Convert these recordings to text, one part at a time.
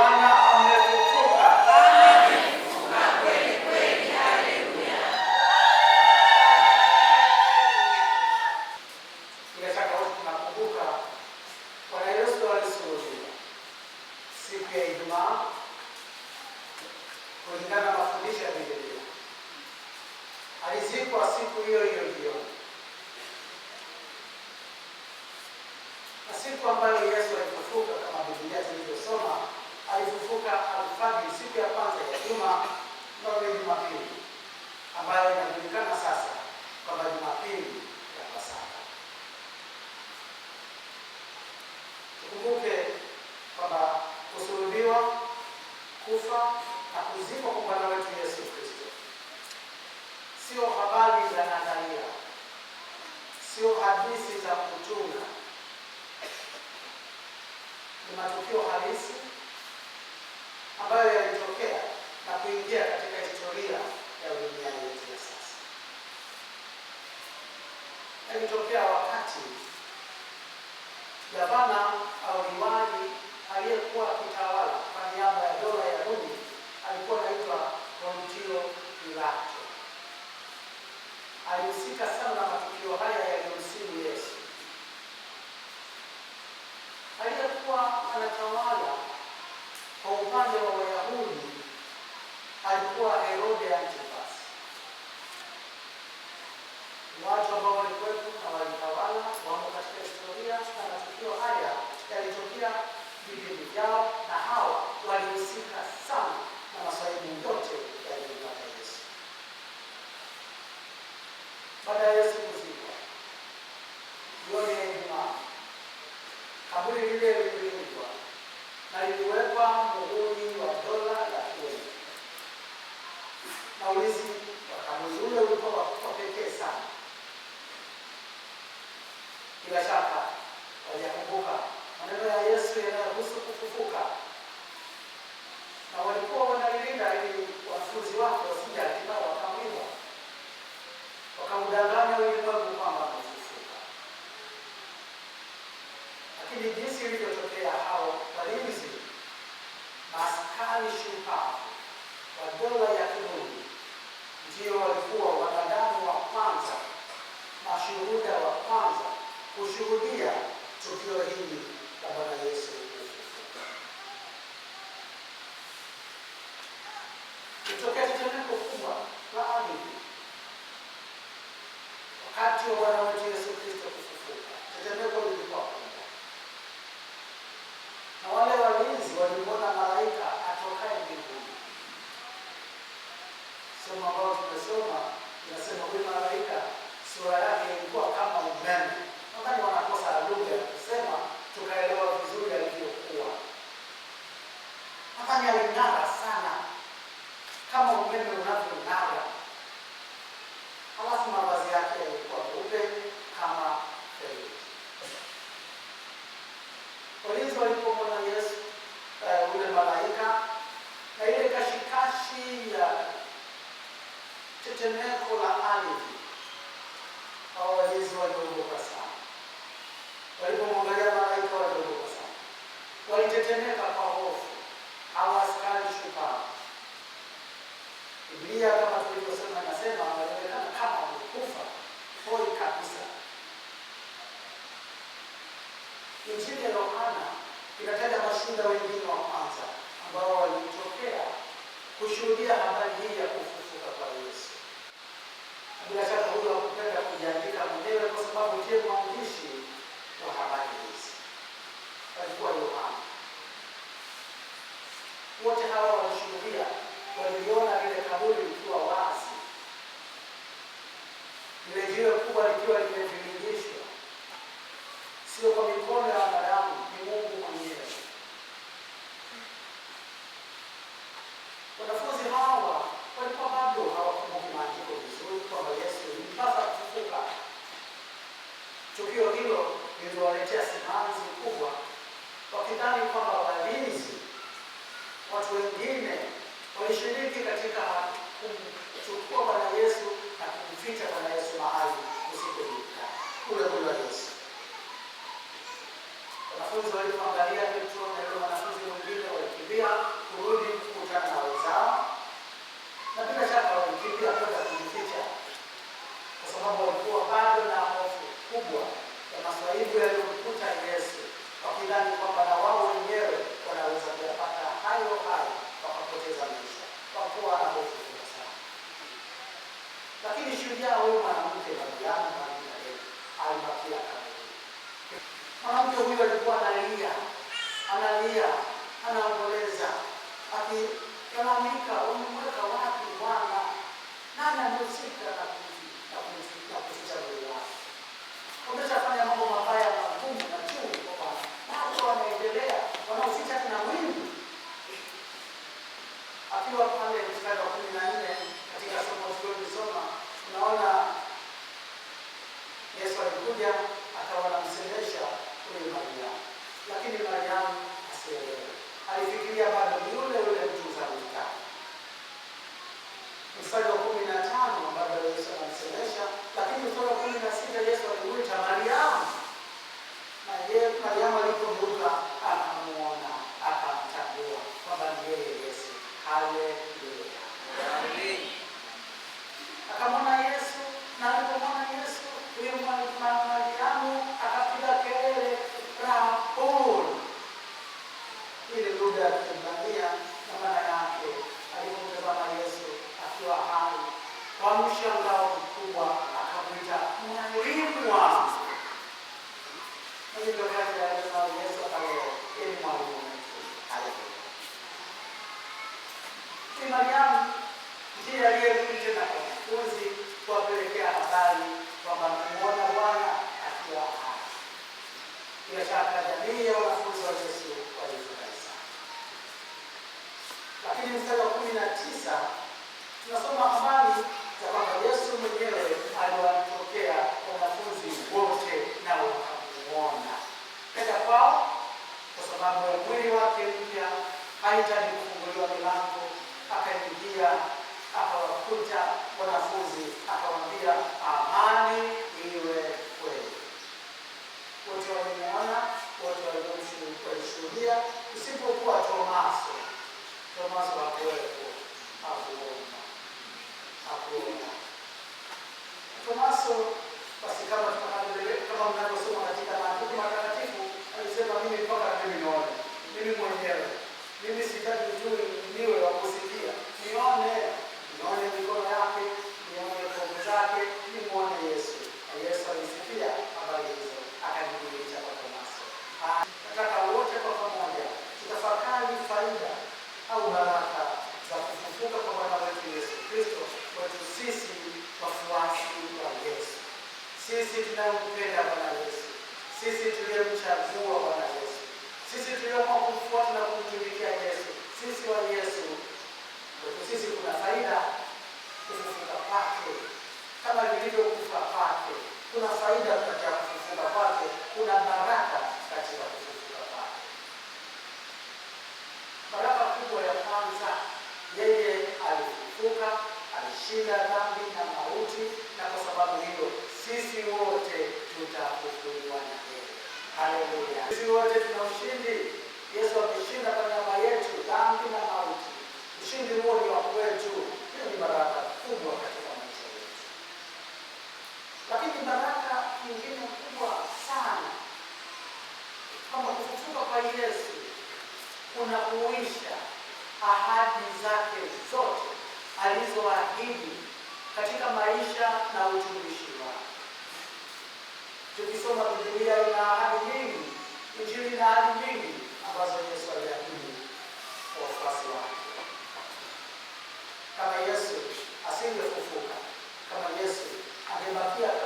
와. kutoka alfajiri siku ya kwanza ya juma mpaka Jumapili ambayo inajulikana sasa kama Jumapili ya Pasaka. Tukumbuke kwamba kusulubiwa, kufa na kuzikwa kwa Bwana wetu Yesu Kristo sio habari za nadharia, sio hadithi za kutunga, ni matukio halisi ambayo yalitokea na kuingia katika historia ya dunia yetu ya sasa. Yalitokea wakati gavana au diwani aliyekuwa Watch large kushuhudia tukio hili la Bwana Yesu. anafanya ling'ara sana kama umeme unavyong'ara. Halafu mavazi yake yalikuwa meupe kama theluji. Walinzi walipomwona Yesu uh, eh, ule malaika na ile kashikashi ya tetemeko la ardhi, hao walinzi waliogopa. Biblia kama tulivyosema inasema walionekana kama walikufa hoi kabisa. Injili ya Yohana inataja mashuhuda wengine wa kwanza ambao walitokea kushuhudia habari hii ya kufa hilo liliwaletea simanzi kubwa, wakidhani kwamba walinzi, watu wengine walishiriki katika kumchukua Bwana Yesu si yaani, Mariamu ndiye aliyerudi tena kwa wanafunzi kuwapelekea habari kwamba amemuona Bwana akiwa hai. Bila shaka jamii ya wanafunzi wa Yesu walifurahi sana, lakini mstari wa kumi na tisa tunasoma habari za kwamba Yesu mwenyewe wote walishuhudia, isipokuwa Tomaso. Tomaso hakuwepo, hakuona, hakuona Tomaso. Basi kama kama mnavyosoma katika maandiko matakatifu, alisema mimi mpaka mimi naona mimi mwenyewe mimi sisi tunayempenda Bwana Yesu, sisi tuliyemchagua Bwana Yesu, sisi tuliyoamua kumfuata na kumtumikia Yesu, sisi wa Yesu, kwetu sisi kuna faida kufufuka kwake kama vilivyokufa kwake, kuna faida kwa sahihi katika maisha na utumishi wake. Tukisoma Biblia ina ahadi nyingi, Injili na ahadi nyingi ambazo Yesu aliahidi kwa wafuasi wake. Kama Yesu asingefufuka, kama Yesu angebakia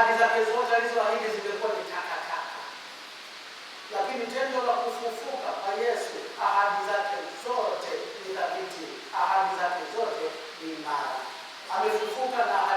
ahadi zake zote alizoahidi zimekuwa ni takataka, lakini tendo la kufufuka kwa Yesu, ahadi zake zote ni thabiti, ahadi zake zote ni imara. Amefufuka na